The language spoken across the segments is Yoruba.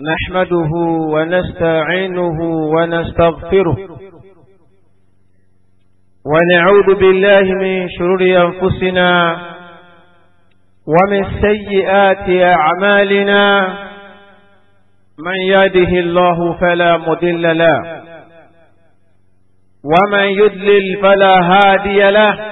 نحمده ونستعينه ونستغفره ونعوذ بالله من شرور أنفسنا ومن سيئات أعمالنا من يده الله فلا مضل له ومن يدلل فلا هادي له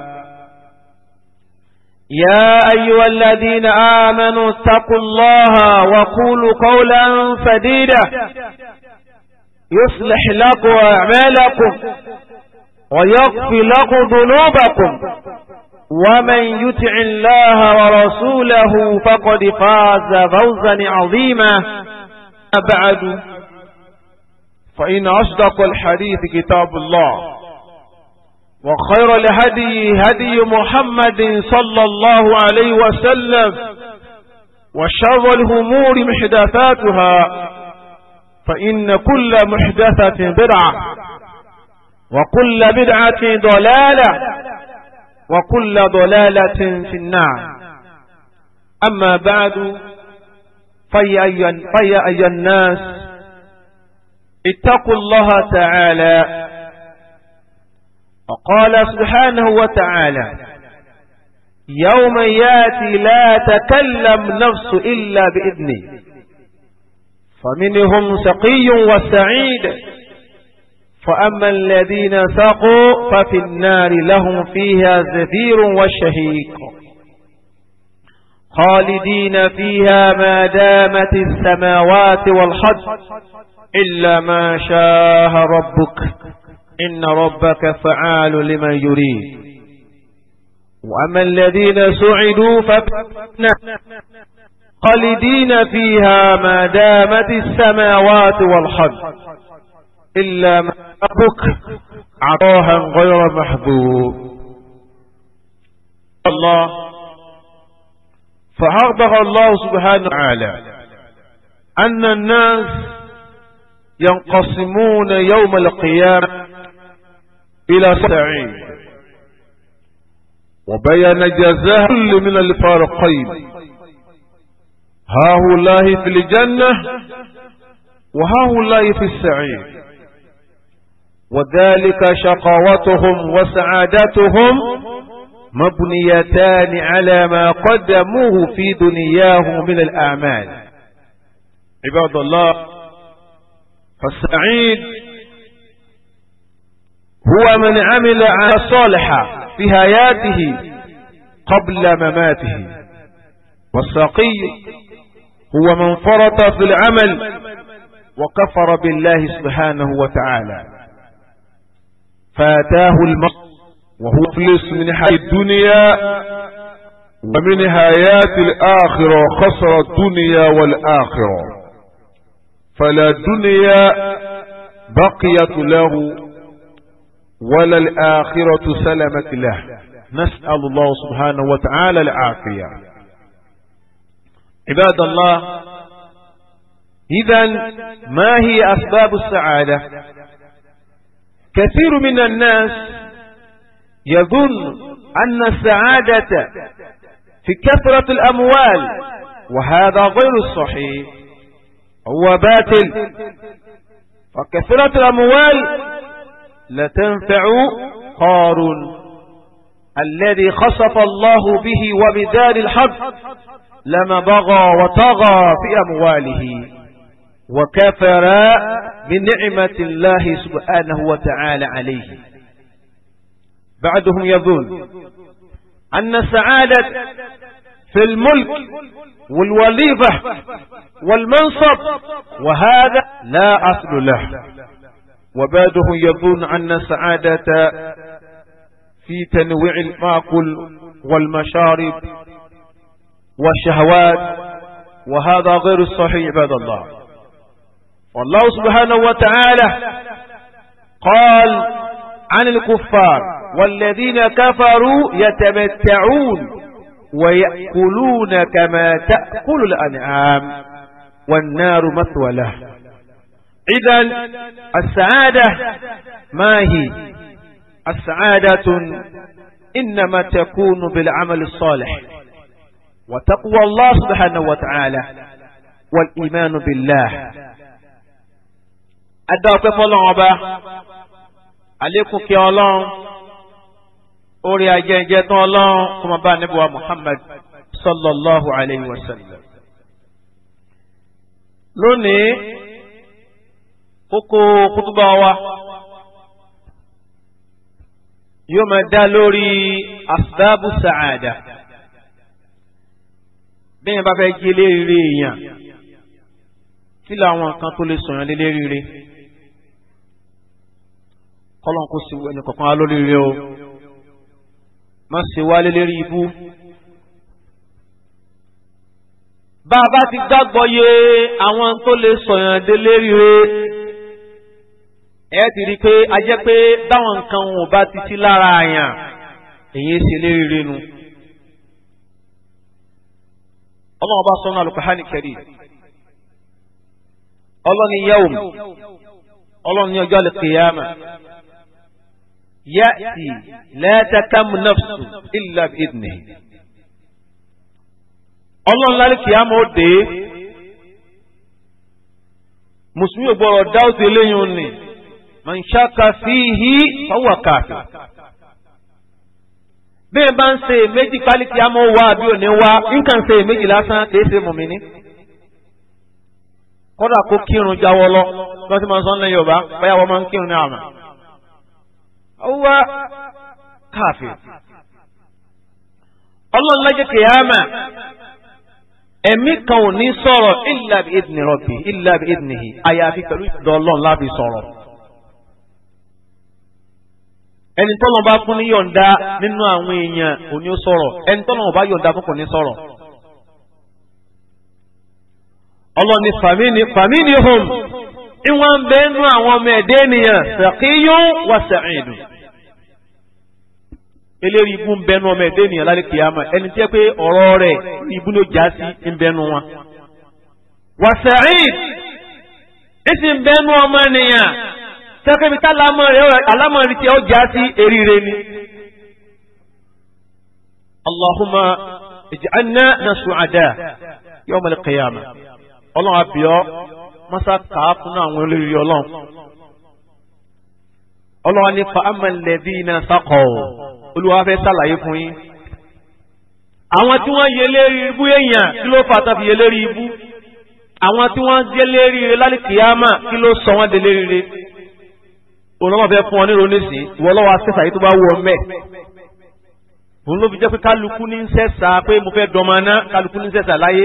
يا أيها الذين آمنوا اتقوا الله وقولوا قولا فديدا يصلح لكم أعمالكم ويغفر لكم ذنوبكم ومن يتع الله ورسوله فقد فاز فوزا عظيما بعد فإن أصدق الحديث كتاب الله وخير الهدي هدي محمد صلى الله عليه وسلم وشر الهمور محدثاتها فإن كل محدثة بدعة وكل بدعة ضلالة وكل ضلالة في النار أما بعد فيا أيها الناس اتقوا الله تعالى وقال سبحانه وتعالى يوم ياتي لا تكلم نفس إلا بإذنه فمنهم سقي وسعيد فأما الذين سقوا ففي النار لهم فيها زفير وشهيق خالدين فيها ما دامت السماوات والحج إلا ما شاء ربك إن ربك فعال لمن يريد وأما الذين سعدوا فبنا قلدين فيها ما دامت السماوات والحج إلا ما ربك عطاها غير محبوب الله فأغبغ الله سبحانه وتعالى أن الناس ينقسمون يوم القيامة إلى سعيد وبيان جزاء كل من الفارقين ها الله في الجنة وها الله في السعيد وذلك شقاوتهم وسعادتهم مبنيتان على ما قدموه في دنياه من الأعمال عباد الله فالسعيد هو من عمل عمل صالحا في حياته قبل مماته والساقي هو من فرط في العمل وكفر بالله سبحانه وتعالى فاتاه المرء وهو فلس من حياة الدنيا ومن حياة الآخرة خسر الدنيا والآخرة فلا دنيا بقيت له وللآخرة سلمت له نسأل الله سبحانه وتعالى العافية عباد الله إذا ما هي أسباب السعادة كثير من الناس يظن أن السعادة في كثرة الأموال وهذا غير الصحيح هو باطل فكثرة الأموال لتنفع قارون الذي خصف الله به وبدار الحق لما بغى وطغى في أمواله وكفر بنعمة الله سبحانه وتعالى عليه بعدهم يظن أن سعادة في الملك والوليفة والمنصب وهذا لا أصل له وباده يظن أن السعادة في تنويع المعقل والمشارب والشهوات وهذا غير الصحيح عباد الله والله سبحانه وتعالى قال عن الكفار والذين كفروا يتمتعون ويأكلون كما تأكل الأنعام والنار مثوى له إذا السعادة ما هي السعادة إنما تكون بالعمل الصالح وتقوى الله سبحانه وتعالى والإيمان بالله أدعوك فالله عليكم كي الله أولي أجنجة الله كما بان نبوة محمد صلى الله عليه وسلم لوني kókó kútúbà wa yóò máa dá lórí asbábù sàádà bẹ́ẹ̀ bá fẹ́ gé léríire èèyàn kí làwọn nǹkan tó lè sọ̀yàn lé léríire kọ́lọ́n kó sí ẹnì kọ̀ọ̀kan á o má ṣe wá lé lérí ibú bá a bá ti gbàgbọ́ yé àwọn tó lè sọ̀yàn dé léríire. ẹ ti rí pé a jẹ́ pé báwọn nǹkan wọn bá ti lára àyàn èyí ṣe rinu. ọlọ́run bá sọ́nà alukahani kẹ́rì ọlọ́ni yẹ́wùm ọlọ́ni ọjọ́ àlùkìyàmà yàtì lẹ́tẹ̀kẹ́mu nọ́fṣù ìlà ìdìní. ọlọ́run lálùkìyàmà ó dé mùsùlùmí ò gbọ́dọ̀ dáwọ́sí eléyìí man shaka fihi fahuwa kafir bí ẹ bá ń ṣe èméjì pálíkì àmọ́ wá àbí òní wá nǹkan ṣe èméjì lásán kìí ṣe mùmíní kódà kó kírun jáwọ́ lọ lọ sí máa ń sọ ní Yorùbá báyà wọ́n máa ń kírun ní àmà ọwọ́ kafir ọlọ́run lọ́jọ́ kìyàmà ẹ̀mí kan ò ní sọ̀rọ̀ illa bi idni rabbi illa bi àyàfi pẹ̀lú ìdọ̀ ọlọ́run sọ̀rọ̀. ẹni tọ́lọ̀ bá fún ní yọ̀ǹda nínú àwọn èèyàn òní ó sọ̀rọ̀ ẹni tọ́lọ̀ bá yọ̀ǹda fún kò ní sọ̀rọ̀. ọlọ́ni fàmíní fàmíní hom ìwọ̀n ń bẹ àwọn ọmọ ẹ̀dẹ́ ènìyàn ṣàkíyún wà sàìdù. eléyìí ibú ń bẹ nínú ọmọ ẹ̀dẹ́ ènìyàn lálẹ́ kìyàmà ẹni tí ẹ pé ọ̀rọ̀ rẹ̀ ibú ló já wà ìsìn ọmọ ènìyàn tẹ́kọ̀ ibi tálámọ̀rí tí ó já sí eríire ni. Allahumma ij'alna na su'ada yawm al-qiyamah. Ọlọ́run àbíọ́ mọ́sá kàá fún àwọn olórí ọlọ́run. Ọlọ́run ní fa'amma alladhina saqaw olúwa fẹ́ sàlàyé fún yín. Àwọn tí wọ́n yẹ lérí ibú èèyàn kí ló fà tàbí yẹ lérí ibú. Àwọn tí wọ́n lérí lálẹ́ kí ló sọ wọ́n dé lérí òun náà fẹ́ fún ọ nírò nísìn ìwọ lọ́wọ́ asẹ́sà yìí tó bá wù ọ mẹ́ òun ló fi jẹ́ pé kálukú ní sẹ́sà pé mo fẹ́ dọ́mọ náà kálukú ní sẹ́sà láyé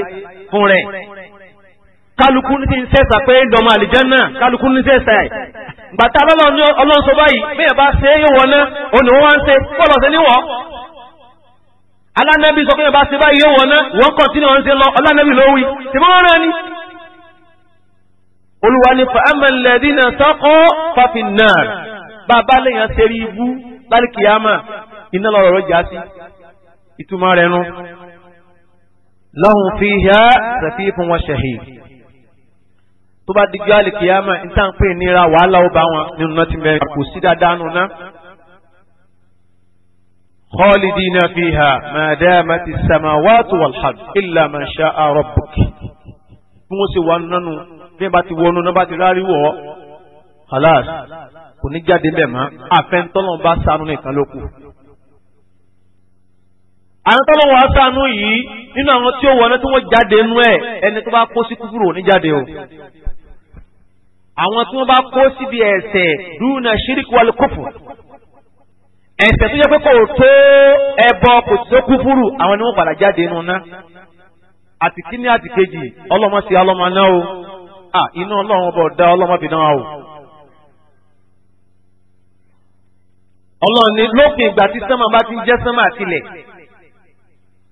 fún rẹ̀ kálukú ní sẹ́sà pé dọ́mọ àlìjánà kálukú ní sẹ́sà ẹ̀ gbàtà ọlọ́run sọ báyìí bẹ́ẹ̀ bá ṣe é yóò wọ náà òun ni wọ́n wá ń ṣe bọ́ọ̀lù ọ̀sẹ̀ níwọ̀ alánàbí sọ pé bá ṣe báyìí yóò wọ náà wọ́n kọ̀ tí wọ́n ń ṣe lọ ọlánàbí ló wí ṣùgbọ́n wọ́n rán ni olúwa ní fa amẹ́lẹ́dínà sọ́kọ́ fàfin náà bàbá lèèyàn ṣeré ibú lálìkìyàmà iná lọ́rọ̀ já sí ìtumọ̀ rẹ̀ nu lahum fiha sàfihàn wọn ṣẹ̀hìn tó bá dijú àlìkìyàmà níta ń pè nira wàhálà ó bá wọn nínú náà ti mẹ́rin kò sí dáadáa nù náà. خالدين فيها ما دامت السماوات والحد إلا من شاء ربك موسى وننو bí wọ́n bá ti wọnú náà bá ti rárí wọ̀ alas kò ní jáde bẹ́ẹ̀ mọ́ àfẹ́ntọ́lọ́n bá sanu nìkan ló kù. àwọn tọ́lọ́wọ́ sanu yìí nínú àwọn tí ó wọlé tí wọ́n jáde nú ẹ̀ ẹni tó bá kó sí kúkúrò ní jáde o. àwọn tí wọ́n bá kó síbi ẹ̀ṣẹ̀ dúnà ṣíríkì wal kufur tó yẹ pé kò tó ẹbọ kò tó kúkúrò àwọn ni wọ́n padà jáde nù ná àtìkíní àtìkejì ọlọ́mọ sí ọlọ́mọ náà o. Ah, iná ọlọ́run ọba ọ̀dá ọlọ́mọbìnrin náà o. ọlọ́run ní lópin ìgbà tí sánmà bá ti ń jẹ́ sánmà tilẹ̀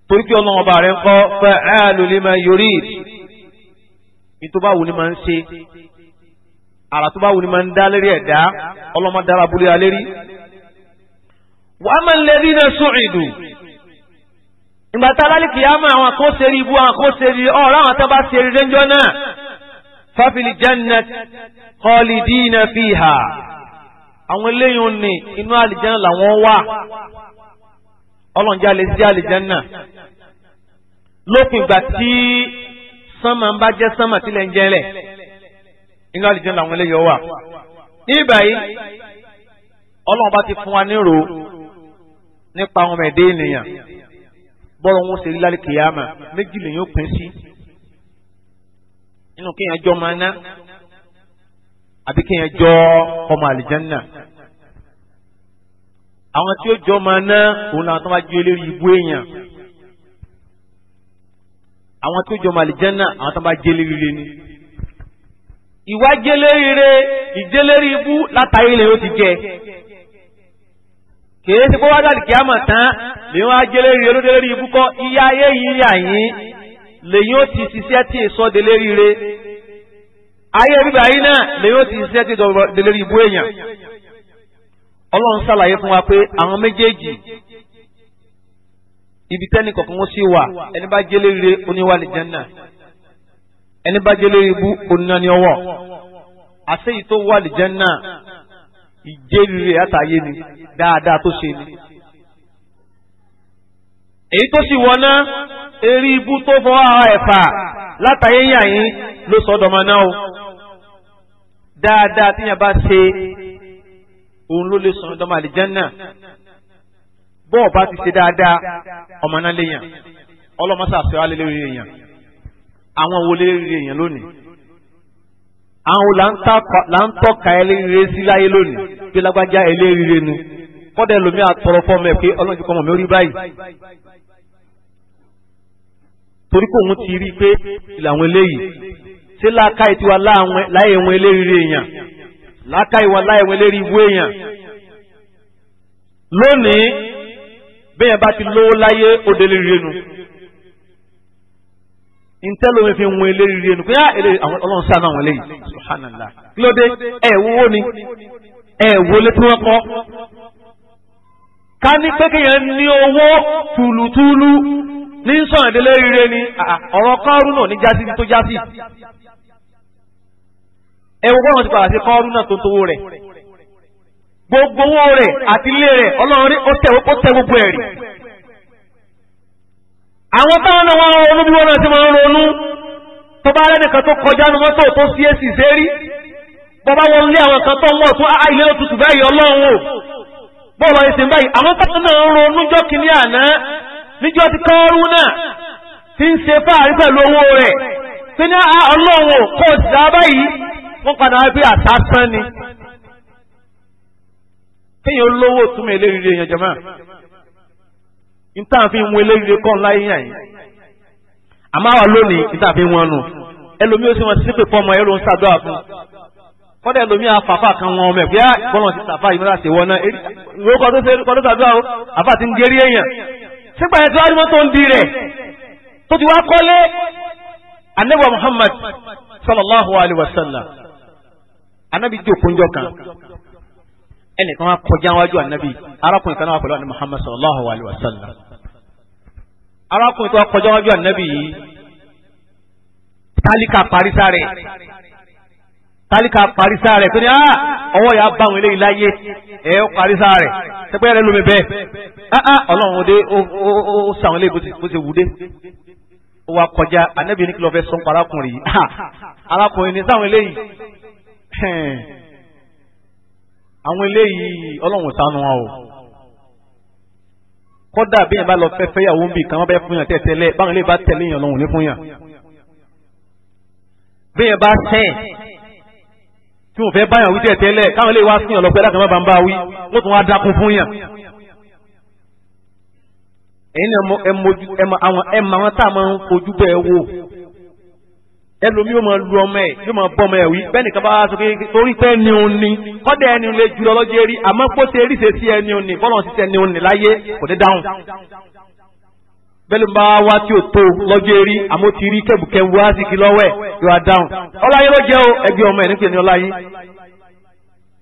torí pé ọlọ́run ọba rẹ̀ ń kọ́ fẹ́ ẹ́ lólè máa yorí ní tó bá wù ní máa ń ṣe àrà tó bá wù ní máa ń dá lérí ẹ̀dá ọlọ́mọ dára alérí. wàá máa ń lẹ́rí náà sùn ìdù. ìgbà tá a lálẹ́ kìí á máa àwọn àkóso eré ibú àwọn àkóso eré ọ̀rọ̀ àwọn ففي الجنة jannah khalidina fiha àwọn eléyìí ní inú àlìjánà làwọn wà ọlọ́njà lè sí àlìjánà lópin ìgbà tí sánmà ń bá jẹ́ sánmà tilẹ̀ ń jẹ́lẹ̀ inú àlìjánà làwọn eléyìí wà ní ìbàyí ọlọ́run bá ti fún wa nírò nípa ọmọ ẹ̀dẹ́ ènìyàn bọ́rọ̀ wọn ṣe rí lálẹ́ kìyàmà méjì lèyìn pín sí nínú kéèyàn jọ máa ná àbí kéèyàn jọ ọmọ àlìjánná àwọn tí ó jọ máa ná òun làwọn tó bá jí eléyìí ibú èèyàn àwọn tí ó jọ máa àlìjánná àwọn tó bá jí eléyìí lé ní. ìwà jẹlẹ́rìire ìjẹlẹ́rì ibú látàrí ilẹ̀ yóò ti jẹ kèé sí pé wájú àdìkíyàmọ̀ tán lè wọ́n á jẹlẹ́rìire ló ibú kọ́ iye ayé yìí yà yín lèyìn ó ti ṣiṣẹ́ tí èso délé ríire ayé bíbá yìí náà lèyìn ó ti ṣiṣẹ́ tí èso délé rí ibú èèyàn ọlọ́run ṣàlàyé fún wa pé àwọn méjèèjì ibi tẹ́ni kọ̀ọ̀kan ó sì wà ẹni bá jẹ́ lérí oníwà lè jẹ́nà ẹni bá jẹ́ lérí ibú oníná ni ọwọ́ àṣeyìí tó wà lè jẹ́nà ìjẹ́rìí rẹ̀ àtàyé ni dáadáa tó ṣe ni èyí tó sì wọ́n náà eré ibú tó fọ́ ara ẹ̀fà látàyé yà yín ló sọ́dọ̀ ọmọ náà o dáadáa tíyàn bá ṣe òun ló lè sọ́dọ̀ ọmọ àlìjánná bọ́ọ̀ bá ti ṣe dáadáa ọmọ náà lè yàn ọlọ́mọ sàṣẹ wa lè lórí èèyàn àwọn wo lè rí èèyàn lónìí àwọn là ń tọ́ka ẹlẹ́rìíre sí láyé lónìí bí lágbájá ẹlẹ́rìíre nu kọ́dẹ̀ lómi àtọ̀rọ̀ fọ́ọ̀mù ẹ̀ pé ọlọ́run ti kọ́ ọmọ mi rí báyìí torí pé òun ti rí i pé làwọn eléyìí ṣé láàkáyé tiwa láàyè wọn eléríire èèyàn láàkáyé wa láàyè wọn eléríire ìwé èèyàn lónìí bẹ́ẹ̀ bá ti lówó láyé òdeléríire nu ntẹ́lómi fi ń wọn eléríire nu pé á ọlọ́run sáà náà wọn eléyìí subhanallah kí ló dé ẹ̀ wọ́wọ́ ni ẹ̀ wọlé tí wọ́n kọ́ ká ní pé kéèyàn ní owó tùlùtùlù. ní sọ̀rọ̀ ìdílé rire ni ọ̀rọ̀ kọ́ọ̀rún náà ní jásí tó jásí ẹ̀wọ̀n bọ́ọ̀rọ̀ ti padà sí kọ́ọ̀rún náà tó tówó rẹ̀ gbogbo owó rẹ̀ àti ilé rẹ̀ ọlọ́run ó tẹ gbogbo ẹ̀rì àwọn táwọn náà wọn wọn náà ti máa ń ronú tó bá rẹ́ nìkan tó kọjá ní mọ́tò tó sí èsì sérí bọ́bá wọn lé àwọn kan tó ń wọ̀ tó àwọn táwọn náà níjọ́ ti kọ́rún náà ti ń ṣe fáàrí pẹ̀lú owó rẹ̀ tí ní ah, ọlọ́run kò sí báyìí wọ́n padà wípé àtàsán ni kéèyàn lówó túmọ̀ eléríire èèyàn jọ̀mọ́ níta fi ń wọn eléríire kọ́ ńlá yíyan yìí àmọ́ àwa lónìí níta fi ń wọn nù ẹlòmíì ó sì wọn sípè fọmọ ẹ̀rọ ń ṣàdúrà fún kọ́dà ẹlòmíì àfàfà kan wọn ọmọ ẹ̀ bí i ah, bọ́lọ̀ ti tàfà ìmúra ṣèwọ́ náà ìwé kọ́ tó ṣe kọ́ tó ó àfà ti ń gérí èèyàn sígbà yẹn tí wàá rí mọ́tò ń di rẹ̀ tó ti wá kọ́lé anabi muhammad sallallahu alayhi wa sallam anabi jókòó njọ́ kan ẹnìkan wá kọjá wájú anabi arákùnrin kan náà wà pẹ̀lú anabi muhammad sallallahu alayhi wa sallam arákùnrin tó wá kọjá wájú anabi yìí tálíkà parí sáré tálíkà parisa rẹ̀ tó ní ah ọwọ́ yà bá àwọn eléyìí láyé ẹ̀ ó parisa rẹ̀ sẹ́pẹ́ rẹ̀ lómi bẹ́ẹ̀ ah ah ọlọ́run òde ó sàwọn eléyìí bó ṣe wù dé ó wa kọjá anábìyẹn ní kí lọ́ọ́ fẹ́ sọ́n pa arákùnrin yìí ah, arákùnrin ní sáwọn eléyìí àwọn eléyìí ọlọ́run sànù wọn o kọ́dà bí yẹn bá lọ fẹ́ fẹ́yàwó ń bì kan wọ́n bẹ́ fún yàn tẹ̀tẹ̀lẹ̀ báwọn eléyìí bá tẹ̀lé yàn lọ́hùn ní fún yàn bí yẹn bá sẹ́yìn tí wọ́n fẹ́ báyàn wí tẹ̀ tẹ́lẹ̀ káwọn lè wá sí ọ̀lọ́pẹ́ láti má bá ń bá wí wọ́n tún wá dákun fún yàn. ẹ̀yin ni ẹ mọ àwọn tá a máa ń fojú bẹ́ẹ̀ wò ẹlòmí yóò máa lu ọmọ ẹ yóò máa bọ́ ọmọ ẹ wí bẹ́ẹ̀ nìkan bá wá sọ pé torí pé ẹni òun ni kọ́dà ẹni lè jùlọ lọ́jọ́ eré àmọ́ kó ṣe rí ṣe sí ẹni òun ni bọ́lọ̀ sí ẹni òun ni láyé kò ní dáhùn bẹ́ẹ̀ ló ń bá wá tí ò tó lọ́jọ́ erí àmọ́ ti rí kẹ́bùkẹ́bù wá sí kí lọ́wọ́ ẹ̀ yóò wá dáhùn ọláyé ló jẹ́ o ẹgbẹ́ ọmọ ẹ̀ nípe ní ọláyé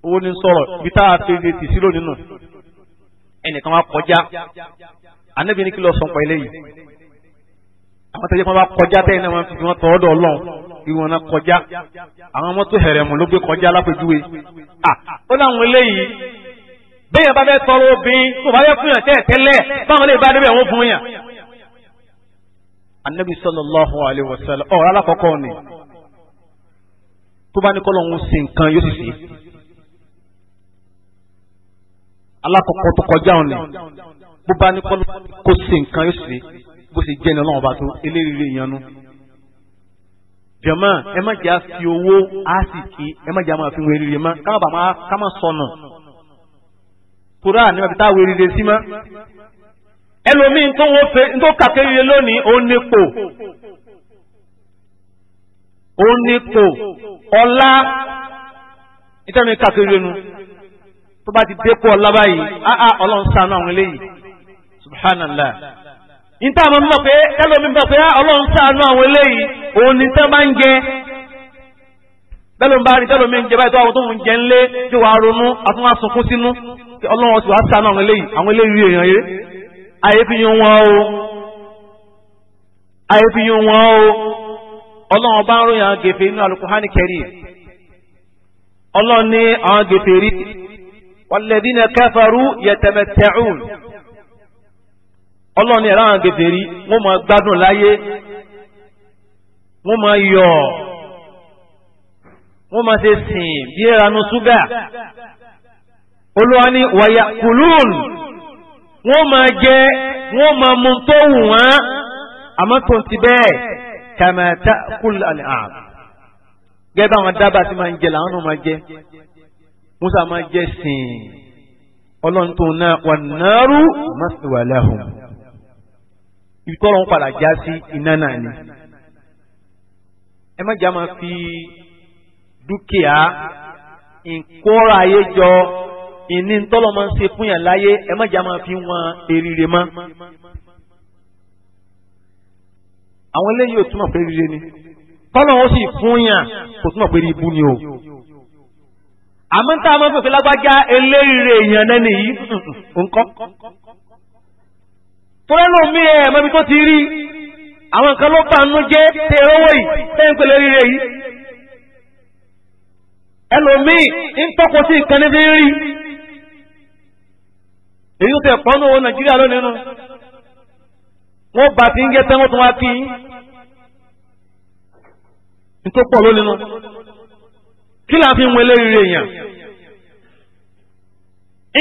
owó ní sọ̀rọ̀ ibi tá a fi ti sí lónìí nù ẹnìkan wá kọjá anábìíní kí lọ sọ pọ̀ eléyìí àwọn tẹ́jẹ́ kan bá kọjá tẹ́yìn náà wọ́n fi wọ́n tọ́ ọ́dọ̀ ọlọ́run ìwọ̀n náà kọjá àwọn mọ́tò hẹ̀rẹ̀mù ló gbé kọjá lápèjúwe ó láwọn eléyìí bẹ́ẹ̀ bá fẹ́ tọrọ obìnrin tó bá fẹ́ fún yàn tẹ́ẹ̀ tẹ́lẹ̀ báwọn lè bá débẹ̀ wọ́n fún yàn anabi sallallahu alayhi wa sallam ọ̀rọ̀ alákọ̀ọ́kọ́ ni tó bá ní kọ́lọ̀ ń ṣe nǹkan yóò sì ṣe alákọ̀ọ́kọ́ tó kọjá òní bó bá ní kọ́lọ̀ kó ṣe nǹkan yóò sì ṣe bó ṣe jẹ́ ní ọlọ́run bá tó eléríire ìyanu jàmá ẹ má jẹ́ àfi owó àsìkí ẹ má jẹ́ àmọ́ àfi wọ́n eríire mọ́ ká má bàa má ká má sọnù kúrò àná ìbí tá a wọ eríire sí mọ́. ẹlòmíín tó wọ́n fẹ́ tó kàkéyè lónìí ó nípò ó nípò ọlá ìtẹ́nu kàkéyè nu tó bá ti dépò ọlá báyìí áá ọlọ́run ṣàánú àwọn eléyìí subhanallah níta àwọn mímọ pé ẹlòmíín mọ pé ọlọ́run ṣàánú àwọn eléyìí òun ni tẹ́ ń jẹ jẹ báyìí tó àwọn tó ń jẹ yóò wá ronú àtúnwá sunkún sínú ọlọ́run ọ̀sùn wá àwọn eléyìí àwọn eléyìí èèyàn ayé fi yún wọn o ayé fi yún wọn o ọlọ́run bá ń ròyìn àwọn gèfè nínú Al-Qur'ani Karim ọlọ́run ní àwọn gèfè rí walladhina kafaru yatamatta'un ọlọ́run ní ẹ̀rọ àwọn gèfè rí wọ́n máa gbádùn láyé wọ́n máa yọ̀ wọ́n máa ṣe sìn bí ẹ̀ranu ṣúgà olúwa ní wàyà kùlùún wọ́n máa jẹ wọ́n máa mú tó wù wọ́n àmọ́ tó ti bẹ́ẹ̀ kàmẹ́tà kúlù àlẹ́ àmì. gẹ́gẹ́ bá àwọn dábàá ti máa ń jẹ làwọn náà máa jẹ musa máa jẹ sìn ọlọ́run tó náà wà nàárú mọ́síwàláhùn ibi tọ́rọ ń padà já sí iná náà ni. ẹ má jà máa fi dúkìá ìkóra ayé jọ ìní ntọ́lọ́ máa ń ṣe fún yàn láyé ẹ má jà máa fi wọn eriri mọ́. àwọn eléyìí ò túmọ̀ pé rire ni tọ́lọ́ ó sì fún yàn kò túmọ̀ pé ibú ni o. àmọ́ tá a máa ń fòfin lágbájá eléyìí èèyàn náà nìyí nǹkan. torí ló mí ẹ mọ́bi tó ti rí àwọn nǹkan ló bá nú jẹ́ tẹ owó yìí tẹ́ ń pèlè rire yìí. ẹlòmíì ń tọ́kọ sí ìkànnì fi ń rí èyí tẹ pọ́nú owó nàìjíríà lónìí nu wọ́n bá ti ń jẹ́ tẹ́wọ́n tó wá kí n tó pọ̀ lónìí nu kí là ń fi wọlé rírì èèyàn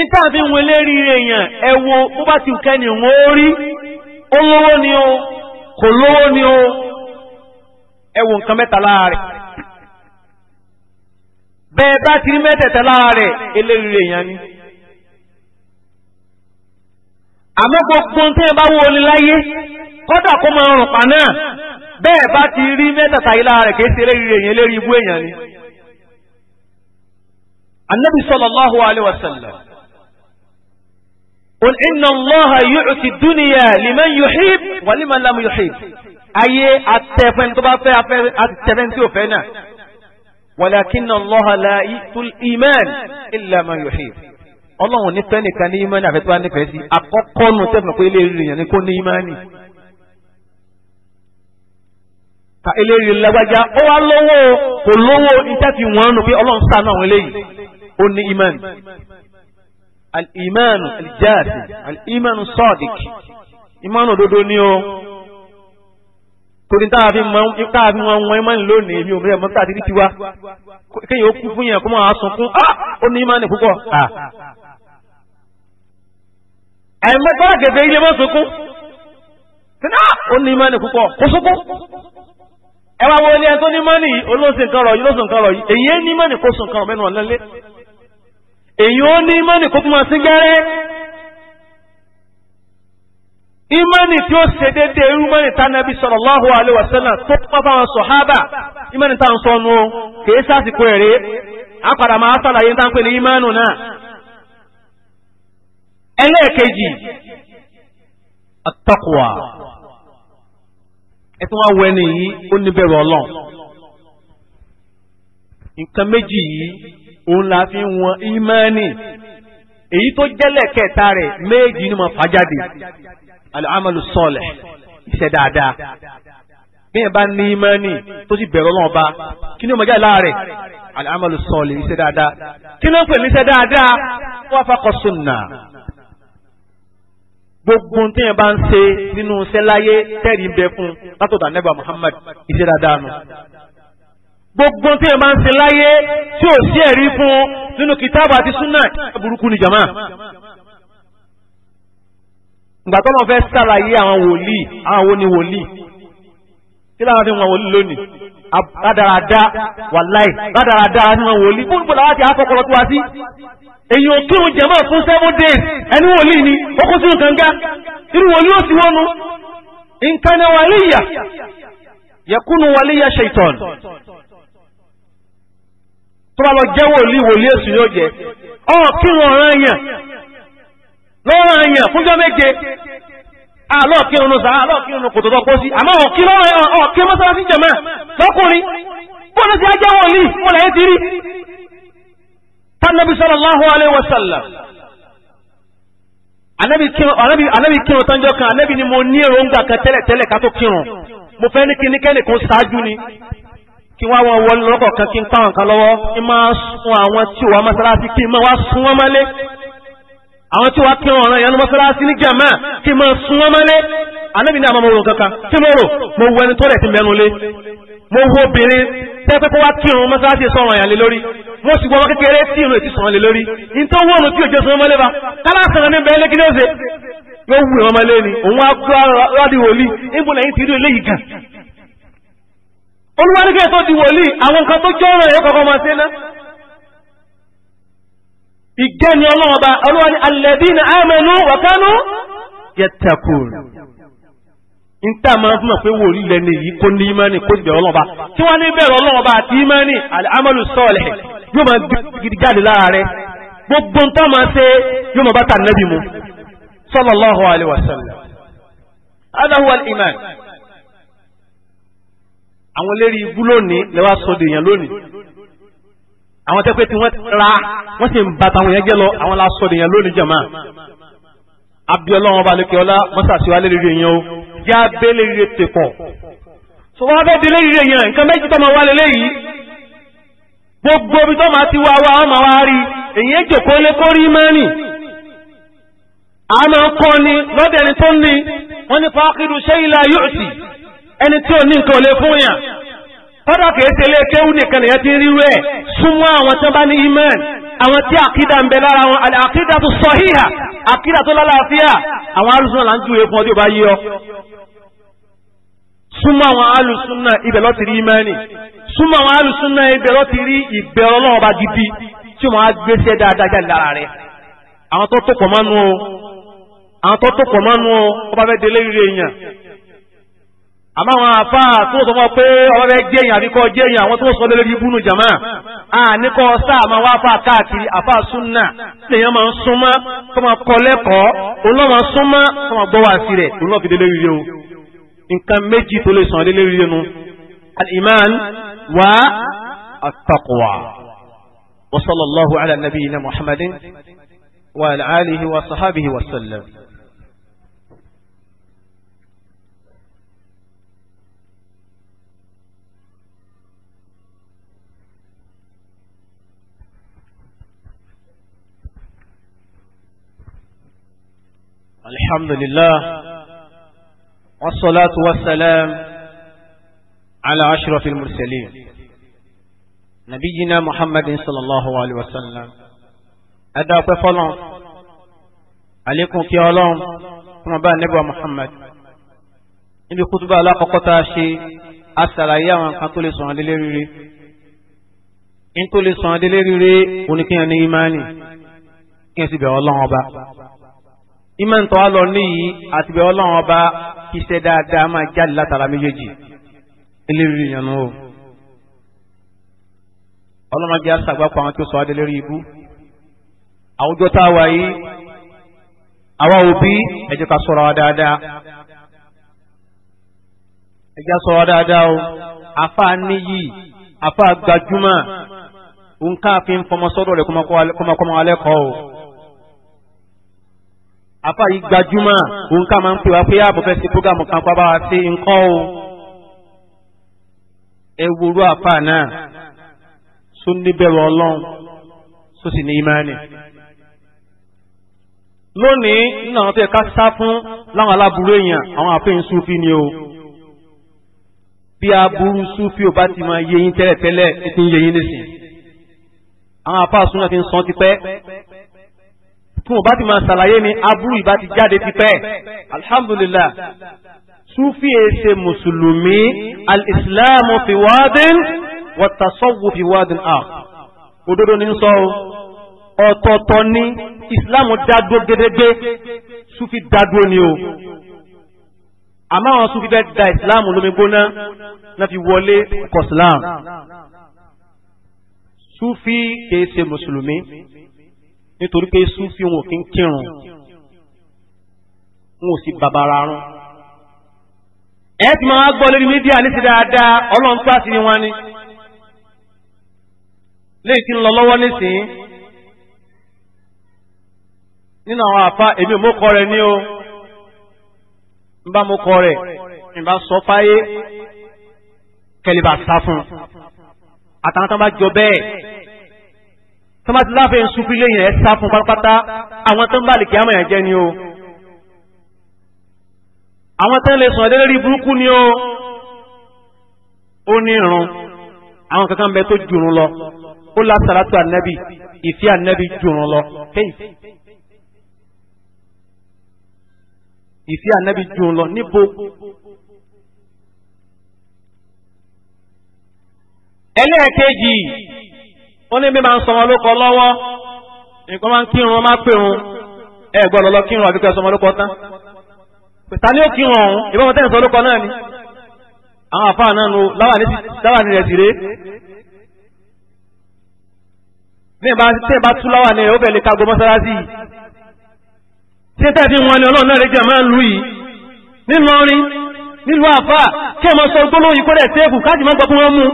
n tá à ń wọlé rírì èèyàn ẹ wo bó bá ti kẹ́ ni wọ́n ó rí ó lówó ni o kò lówó ni o ẹ wo nǹkan mẹ́ta lára rẹ̀ bẹ́ẹ̀ bá ti rí mẹ́tẹ̀ẹ̀ta lára rẹ̀ elérìí èèyàn ni àmọ́ gbogbo tí ẹ bá wo ni láyé kọ́dà kó máa rùn pa náà bẹ́ẹ̀ bá ti rí mẹ́tàtà yìí lára rẹ̀ kìí ṣe lérí èèyàn lérí ibú èèyàn ni. anabi sallallahu alayhi wa sallam qul inna allaha yu'ti dunya liman yuhib wa liman lam yuhib ayé atẹ̀fẹ́ni tó bá fẹ́ atẹ̀fẹ́ni tí ò fẹ́ náà walakinna allaha la yu'ti al-iman illa man ọlọ́run ní fẹ́nìkan ní imani àfẹ́tí bá nífẹ̀ẹ́ sí àkọ́kọ́ nu tẹ́fù pé eléyìí yẹn ni kó ní imani. ka eléyìí lágbájá ó wá lówó kò lówó iṣẹ́ fi wọ́n nù pé ọlọ́run sànù àwọn eléyìí ó ní imani. al-imanu al-jaazi al-imanu sadiq imanu òdodo ni o torí táà fi wọn wọn imani lónìí mi ò mẹ́rẹ̀ mọ́tà títí wa kéèyàn ó kú fún yẹn kó máa sunkún ah! ó ní imani púpọ̀ ah! àìmọ́ tọ́lá kẹfẹ́ ilé mọ́ sunkún sínú ó ní mọ́ni púpọ̀ kó sunkún ẹ wá wọlé ẹ tó ní mọ́ni olóòsìn kan rọ̀ yìí lóòsìn kan rọ̀ yìí èyí é ní mọ́ni kó sùn kan mẹ́nu ọ̀lẹ́lẹ́ èyí ó ní mọ́ni kó sí gẹ́rẹ́ tí ó sallallahu alaihi wasallam tó fáwọn sọ̀hábà kèé sásìkò ẹ̀rẹ́ ẹlẹ́ẹ̀kejì àtọ́kùwà ẹ tún wá na ẹni yìí ó níbẹ̀rù ọlọ́run nǹkan méjì yìí òun la fi wọn ìmánì èyí tó jẹ́lẹ̀ kẹta rẹ̀ méjì ni mo fà jáde al-amalu iṣẹ́ dáadáa bẹ́ẹ̀ bá ní ìmánì tó sì ọba kí ni ó mọ̀ jáde láàárẹ̀ al-amalu iṣẹ́ dáadáa kí ló ń pè gbogbo tí yẹn bá ń ṣe nínú sẹ́láyé tẹ́rì bẹ fún látọ̀dọ̀ anẹ́gbà Muhammad ìṣe dáadáa nù. gbogbo tí yẹn bá ń ṣe láyé tí ò sí ẹ̀rí fún nínú kìtáàbù àti súnà burúkú ni jama. ìgbà tó fẹ́ sàlàyé àwọn wòlíì àwọn wo ni wòlíì. Kila láwọn fi wọn wòlí lónìí rádaràdá wàláì rádaràdá ni wọn wòlí fún ìbò làwọn ti àfọkọlọ tó wá sí èyí ò jẹmọ fún seven days ẹni wòlí ni ó kó sínú kànga irú wòlí ó sì wọnú nǹkan náà wàlíyà yẹkúnú wàlíyà ṣètọ́n tó bá lọ jẹ́ wòlí wòlí èsù yóò jẹ ọ̀ kí wọn yàn lọ́rọ̀ yàn fúnjọ́ méje àlọ́ọ̀kírun sàá àlọ́ọ̀kírun kò tọ́tọ́ kó sí àmọ́ ọ̀kí lọ́rọ̀ ọ̀kí mọ́sálásí jẹ̀mọ́ lọ́kùnrin bọ́ọ̀lù ti ajẹ́ wọ̀n yìí wọ́n lẹ́yìn ti rí tánàbí sallallahu alaihi wasallam anábì kírun tánjọ́ kan anábì ni mo ní èròǹgbà kan tẹ́lẹ̀ tẹ́lẹ̀ ká tó kírun mo fẹ́ ní kíní kẹ́nì kan ṣáájú ni kí wọ́n wọ́n wọlé lọ́kọ̀ọ̀kan kí n pa àwọn kan lọ́wọ́ kí n máa sun àwọn tí òwà mọ́sálásí kí n máa wá sun wọ́n mọ́lé àwọn tí wàá kírun ọ̀ràn ìyanu mọ́sálásí ní jàmá kí máa sun wọn mọ́lé anábì ní àmọ́ mo rò kankan tí mo rò mo wo ẹni tó rẹ̀ ti mẹ́nu lé mo wo obìnrin tẹ́pẹ́ kó wá kírun mọ́sálásí sọ̀rọ̀ ìyàlé lórí mo sì gbọ́mọ kékeré tí irun èti sọ̀rọ̀ lé lórí nítorí wọ́n òun tí òjò sun wọn mọ́lé ba kálá sọ̀rọ̀ ní bẹ́ẹ̀ lékiri ọ̀sẹ̀ yóò wù wọn mọ́lé ni òun á gbọ́ rádì wòlíì níbo lẹ́yìn ti rí eléyìí gan olúwarígẹ̀ tó di wòlíì àwọn nǹkan tó jọ́ ọ̀rọ̀ ẹ̀yọ́ kọ̀ọ̀kan máa ṣe náà ìgẹ́ni ọlọ́ọ̀ba ọlọ́wà ní alladhina amanu wa kanu yattaqun níta máa fún ọ̀pẹ́ wò lílẹ̀ ní èyí kó ní ìmánì kó ti bẹ̀rẹ̀ ọlọ́ọ̀ba tí wọ́n ní bẹ̀rẹ̀ ọlọ́ọ̀ba àti ìmánì al-amalu salih yóò máa gidi jáde lára rẹ gbogbo nǹkan máa ṣe yóò máa bá ta nẹ́bí mu sallallahu alaihi wasallam iman àwọn lérí ibú lónìí lẹ́wà sọ́dọ̀ èèyàn lónìí àwọn tẹ́pẹ́ tí wọ́n ra wọ́n sì ń ba táwọn yẹn jẹ́ lọ àwọn la sọ nìyẹn lónìí jàmá abiọlọ́wọ́n balẹ̀ kí ọlá mọ́sàsíwá lè rèé yẹn o jẹ́ abẹ́ lè rèé tẹ̀kọ̀ tó wọ́n fẹ́ délé rèé yẹn nǹkan méjì tó máa wá lélẹ́ yìí gbogbo ibi tó máa ti wá wá ọmọ wa rí èyí ń jòkó lé kó mẹ́rin àmọ́ kọ́ ni lọ́dẹ̀ ẹni tó ní wọ́n ní fàákìrù ṣẹ́yìnlá yóò sì ẹni tí ò ní nǹkan ò lè fún yàn ọ̀dọ̀ kìí ṣe ilé kéwú nìkan nìyẹn ti ń ríru ẹ̀ súnmọ́ àwọn tí wọ́n bá ní imán àwọn tí àkídà ń bẹ lára wọn àlẹ́ àkídà tó sọhíhà àkídà tó lálàáfíà àwọn alùsùnà là ń júwe fún ọ tí ò bá yé ọ. súnmọ́ àwọn alùsùnà ibẹ̀ ló ti rí imáni súnmọ́ àwọn alùsùnà ibẹ̀ ló ti rí ìbẹ̀rọ lọ́wọ́ba gidi tí wọ́n á gbéṣẹ́ dáadáa jáde lára rẹ̀. àwọn tó tó pọ̀ mọ́nu o àwọn tó tó pọ̀ mọ́nu o ọba fẹ́ àmọ́ àwọn afá tó sọ fún ọ pé ọba bẹ jẹyàn àbí kọ jẹyàn àwọn tó sọ lórí ibùnú jàmá àníkọ sáà máa wá afá káàkiri afá súnà lèyàn máa ń súnmọ́ kó máa kọ lẹ́kọ̀ọ́ òun máa súnmọ́ kó máa gbọ́ wá sí rẹ̀ òun fi délé rírẹ o nǹkan méjì tó lè sàn délé rírẹ nu al-iman wa at wa sallallahu ala wa sallam. الحمد لله والصلاة والسلام على أشرف المرسلين نبينا محمد صلى الله عليه وسلم أدى فلان عليكم كي ألام كما بقى نبوى محمد إنه خطبة لا قطع شيء أسأل أيام كان تولي صنع دليري إن تولي صنع دليري ونكي أن إيماني كيسي بأ أبا ìmọ̀ntọ́ wa lọ níyì àti bẹ́ẹ̀ ọlọ́run ọba iṣẹ́ dáadáa máa jáde látara méjèèjì eléyìí ìyànnú o ọlọ́run jẹ́ àṣàgbàpọ̀ àwọn tó sọ adé lérí ibú àwùjọ tá a wà yìí àwa òbí ẹ ká sọ̀rọ̀ wa dáadáa ẹ sọ̀rọ̀ wa dáadáa o àfa níyì àfa gbajúmọ̀ nǹkan àfi ń fọmọ sọ́dọ̀ rẹ̀ kọ́mọkọ́mọ alẹ́kọ̀ọ́ o afa yìí gbajúmọ̀ òun ká máa ń pè wá pé ààbò fẹ́ sí programu kan pa bá wa sí nǹkan o ẹ wúru afa náà sún níbẹ̀rù ọlọ́run só sì ní ìmánì. lónìí nínú àwọn tó yẹ ká sá fún láwọn aláburú èèyàn àwọn àfihàn sufi ni o bí aburú sufi ò bá ti máa yé tẹ́lẹ̀tẹ́lẹ̀ ti ń yé nísìnyí àwọn afa sunan ti ń sàn tipẹ́ tí wọ́n bá ti máa ṣàlàyé ni aburú ìbá ti jáde ti pẹ́ alhamdulillah sufi èsè e mùsùlùmí alìsílámù fi wádìn wàtàsọ́wù fi wádìn à òdodo ní sọ ọ̀tọ̀ọ̀tọ̀ ni ìsìlámù dádó gédégbé sufi dádó ni o àmọ́ àwọn sufi fẹ́ da ìsìlámù lómi gbóná náà fi wọlé kọ̀sìlámù sufi kèé ṣe nítorí pé súnfì wọn kì í kírun wọn ò sì bàbàrà rún. ẹ ti máa gbọ́ lórí mídíà ní ti dáadáa ọlọ́run ni wọ́n ní. léyìí tí ń lọ lọ́wọ́ nísìnyí nínú àwọn àfa èmi o mba bá mú kọ rẹ bá sọ fáyé sá fún un àtàwọn tó bá ti láfẹ́ ń sunkún ilé yẹn sá fún pátápátá àwọn tó ń bá lè kí àmọ̀ yẹn jẹ́ ni o àwọn tó ń lè sọ̀rọ̀ lórí burúkú ni o ó ní irun àwọn kankan bẹ tó jùrún lọ ó la sàlátù ànábì ìfẹ́ ànábì jùrún lọ kéyì ìfẹ́ ànábì jùrún lọ níbo. ẹlẹ́ẹ̀kejì wọ́n ní bí máa ń sọmọ lóko lọ́wọ́ nǹkan máa ń kírun máa pèrun ẹ gbọ́dọ̀ lọ kírun àbíkọ́ sọmọ lóko tán pẹ̀tà ni ó kírun ọ̀hún ìbọn mọ́tẹ́ ìsọ lóko náà ni àwọn àfáà náà nu láwàní rẹ̀ sì ré ní ìbá tí ìbá tú láwàní rẹ̀ ó bẹ̀rẹ̀ ká gbọ́ mọ́sálásí yìí tí ìtẹ́ fi wọn ni ọlọ́run náà rẹ̀ jẹ́ máa ń lu yìí nílùú ọrin nílùú àfáà kí ẹ mọ sọ gbólóhùn yìí kó rẹ̀ téèkù káàdì má gbọ́ fún wọn mú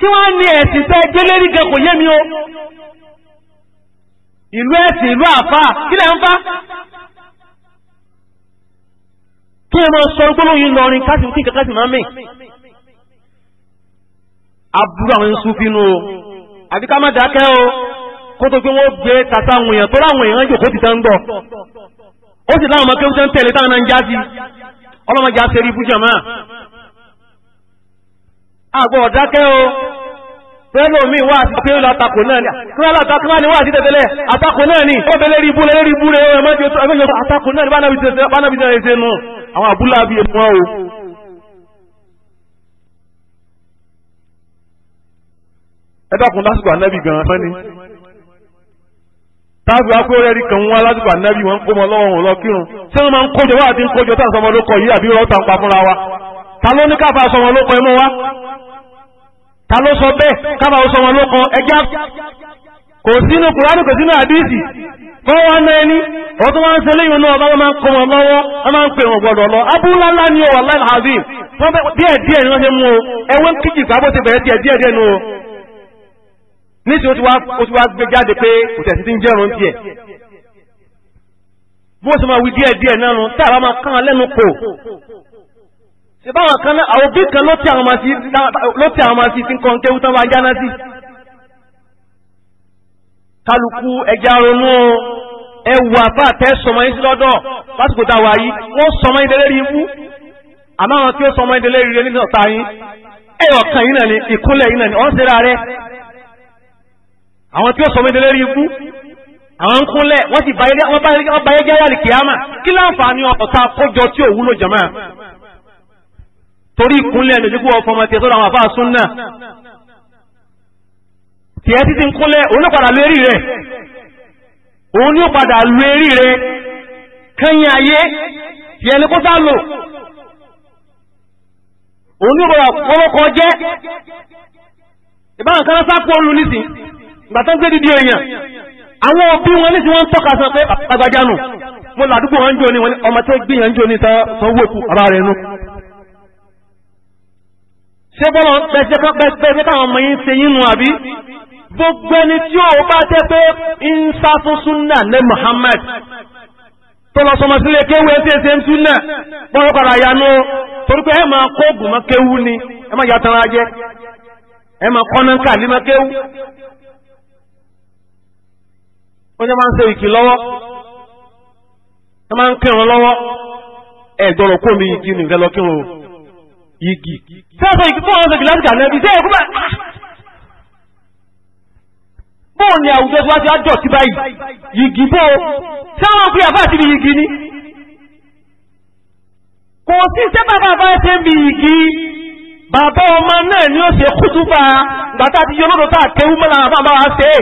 ki wọ́n á ní ẹ̀sìn tẹ́ gbélé rí gan yé mi o ìlú ẹ̀sìn ìlú àfà kí lẹ́ ń fa kí ẹ máa sọ gbólóyìn lọrin kásìmù tí na sì máa mì aburú àwọn ẹ̀sùn fínú o àbí ká má dákẹ́ o kó tó pé wọ́n gbé tata àwọn èèyàn tó láwọn èèyàn jòkó ti tẹ́ ń gbọ́ ó sì láwọn ọmọ ń àgbọ̀ ọ̀dákẹ́ o tẹ́lò mi wà sí pé látakò náà ni kíláàtàkì wà ní wà sí tẹ́tẹ́lẹ̀ àtakò náà ni ó bẹ̀lẹ̀ rí búrẹ̀ rí búrẹ̀ ó ẹ̀mọ́ jẹ́ àtakò náà ni bánábi tẹ́lẹ̀ ṣe nù àwọn àbúlá bí i wọn o ẹ̀dàkùn lásìkò ànábì gan-an fẹ́ ni táàbù akóyẹ rí kan wá lásìkò ànábì wọn kó mọ lọ́wọ́ wọn lọ kírun tí wọ́n máa ń kójọ wá àti ń kójọ táà sọmọ ló kọ yìí àbí rọ́ọ̀tà ń pa fúnra wa ta ló ní káfà sọmọ ló ta ló sọ bẹ́ẹ̀ kábà ó sọ wọn ló kan ẹja kò sínú kùránì kò sínú àdíìsì fọwọ́ ọmọ ẹni ọdún wọn ń ṣe lẹ́yìn náà ọba wọn máa ń kọ́ wọn lọ́wọ́ wọn máa ń pè wọn gbọ́dọ̀ lọ abúlá ńlá ni ó wà láì hàbí díẹ̀ díẹ̀ ni wọ́n ṣe mú o ẹwọ́n kíjì ká bó ti bẹ̀rẹ̀ díẹ̀ díẹ̀ díẹ̀ nu o níṣì ó ti wá gbé jáde pé kò tẹ̀sí ti ń jẹ́rùn tiẹ̀ bó ṣe máa wí díẹ̀ díẹ̀ náà nù tá a bá máa kán lẹ́nu kò ṣe báwọn kan náà àwọn òbí kan ló ti àwọn ọmọ sí ti ń kọ́ ń kéwú tán bá jáná sí. kálukú ẹja ronú ẹwù àbá àtẹ sọmọ yín sí lọ́dọ̀ lásìkò tá a wà yìí wọ́n sọmọ yín délé rí ibú àmọ́ àwọn tí ó sọmọ yín délé rí rẹ nígbà ọ̀tá yín ẹ̀yọ̀ kan yín náà ni ìkúnlẹ̀ yín náà ni àwọn tí ó sọmọ yín délé rí ibú àwọn ń kúnlẹ̀ wọ́n sì báyé jẹ́ yàrá kìámà kí láǹfààní ọ̀tá kójọ tí òwúlò jàmáà. torí ìkúnlẹ̀ ẹnu ìdíkú ọ̀fọ̀ ọmọ tiẹ̀ sọ́dọ̀ àwọn àfáà súnà tiẹ̀ títí ń kúnlẹ̀ òun náà padà lu eré rẹ̀ òun ní ó padà lu rẹ̀ kẹ́yìn ayé tiẹ̀ ní kó sá lò òun ní padà kọ́lọ́kọ́ jẹ́ asatọ kan sápò olú ìgbà tó ń gbé dídí èèyàn àwọn òbí wọn ń tọ́ka ṣé bọ́lọ̀ pẹ̀sẹ̀ pẹ̀sẹ̀ táwọn ọmọ yín ṣe yín nu àbí gbogbo ẹni tí ó bá jẹ́ pé ń sá fún súnà Muhammad tó lọ sọmọ sílé kéwé tí èsè ń súnà bọ́lọ̀ padà yanú torí pé ẹ máa kó ògùn mọ́ kéwú ni ẹ máa yàtọ̀ ara jẹ ẹ máa kọ́nà ká mọ́ wọ́n jẹ́ máa ń ṣe ìkì lọ́wọ́ ẹ máa ń kírun lọ́wọ́ kó mi yìí kí o. igi sẹ́sọ igi fún àwọn ọ̀sẹ̀gbìn láti kà lẹ́bi sẹ́yìn kúmẹ̀. bóò ni àwùjọ tí wọ́n ti àjọ sí báyìí igi bó o sẹ́wọ̀n pé àbá àti ibi igi ni. kò sí sẹ́pà bàbá ẹsẹ̀ ń bi igi bàbá ọmọ náà ni ó ṣe kútùbà gbàtà àti yọlọ́dọ̀ tá a kéwú mọ́lá àbá àbá wa ṣe é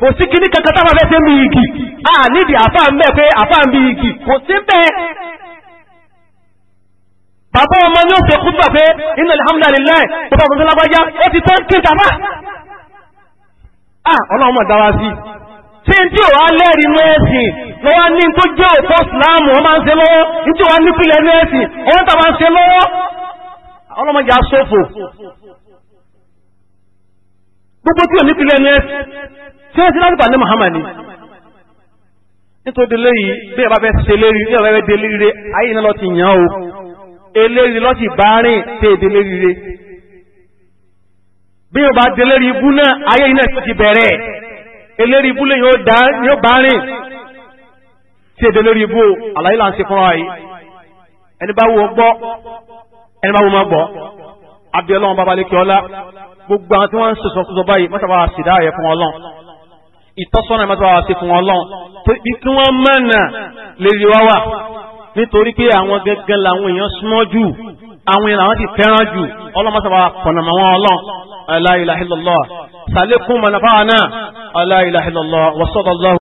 kò sí kíní kankan táwọn afẹ́fẹ́ ń bi igi a nídìí àfáà ń bẹ pé àfáà ń bi igi kò sí bẹ́ẹ̀ bàbá ọmọ ní òṣè kúgbà pé iná alhamdulillah bàbá ọmọ tọ́lá bájá ó ti tọ́ kí n kàfà à ah, ọlọ́run mọ̀ dára sí tí n tí ò wá lẹ́rìí inú ẹ̀sìn lọ́wọ́ ní tó jẹ́ òtọ́ ìsìláàmù wọ́n máa ń ṣe lọ́wọ́ ní tí ò wá nípìnlẹ̀ inú ẹ̀sìn ọ̀hún tàbá ń ṣe lọ́wọ́ ọlọ́mọdé aṣọ́fò gbogbo tí ò nípìnlẹ̀ inú ẹ̀sìn ẹ ti yàn eléyìí lọ́sì bá rìn tẹ ìdílé rire bí yóò bá délé rí ibú náà ayé iná ti bẹ̀rẹ̀ eléyìí ibú lè yóò dá yóò bá rìn tí èdè lórí ibú àlàyé là ń ṣe fúnra yìí ẹni bá wo gbọ́ ẹni bá wo máa gbọ́ abẹ́ ọlọ́run bàbá lè kí ọlá gbogbo àwọn tí wọ́n ń sọ̀sọ̀ fún sọ́bàá yìí mọ́tàbà ṣìdá fún ọlọ́run ìtọ́sọ́nà mọ́tàbà ṣe ọlọ́run bí kí wọ́n mọ̀nà lè rí wá wà nítorí pé àwọn gẹ́gẹ́ làwọn èèyàn súnmọ́ jù àwọn èèyàn làwọn ti fẹ́ràn jù ọlọ́mọsàbà kọ̀nàmọ́ wọn ọlọ́run la ilaha illallah sàlékún mọ̀nàfáà náà la ilaha wa sallallahu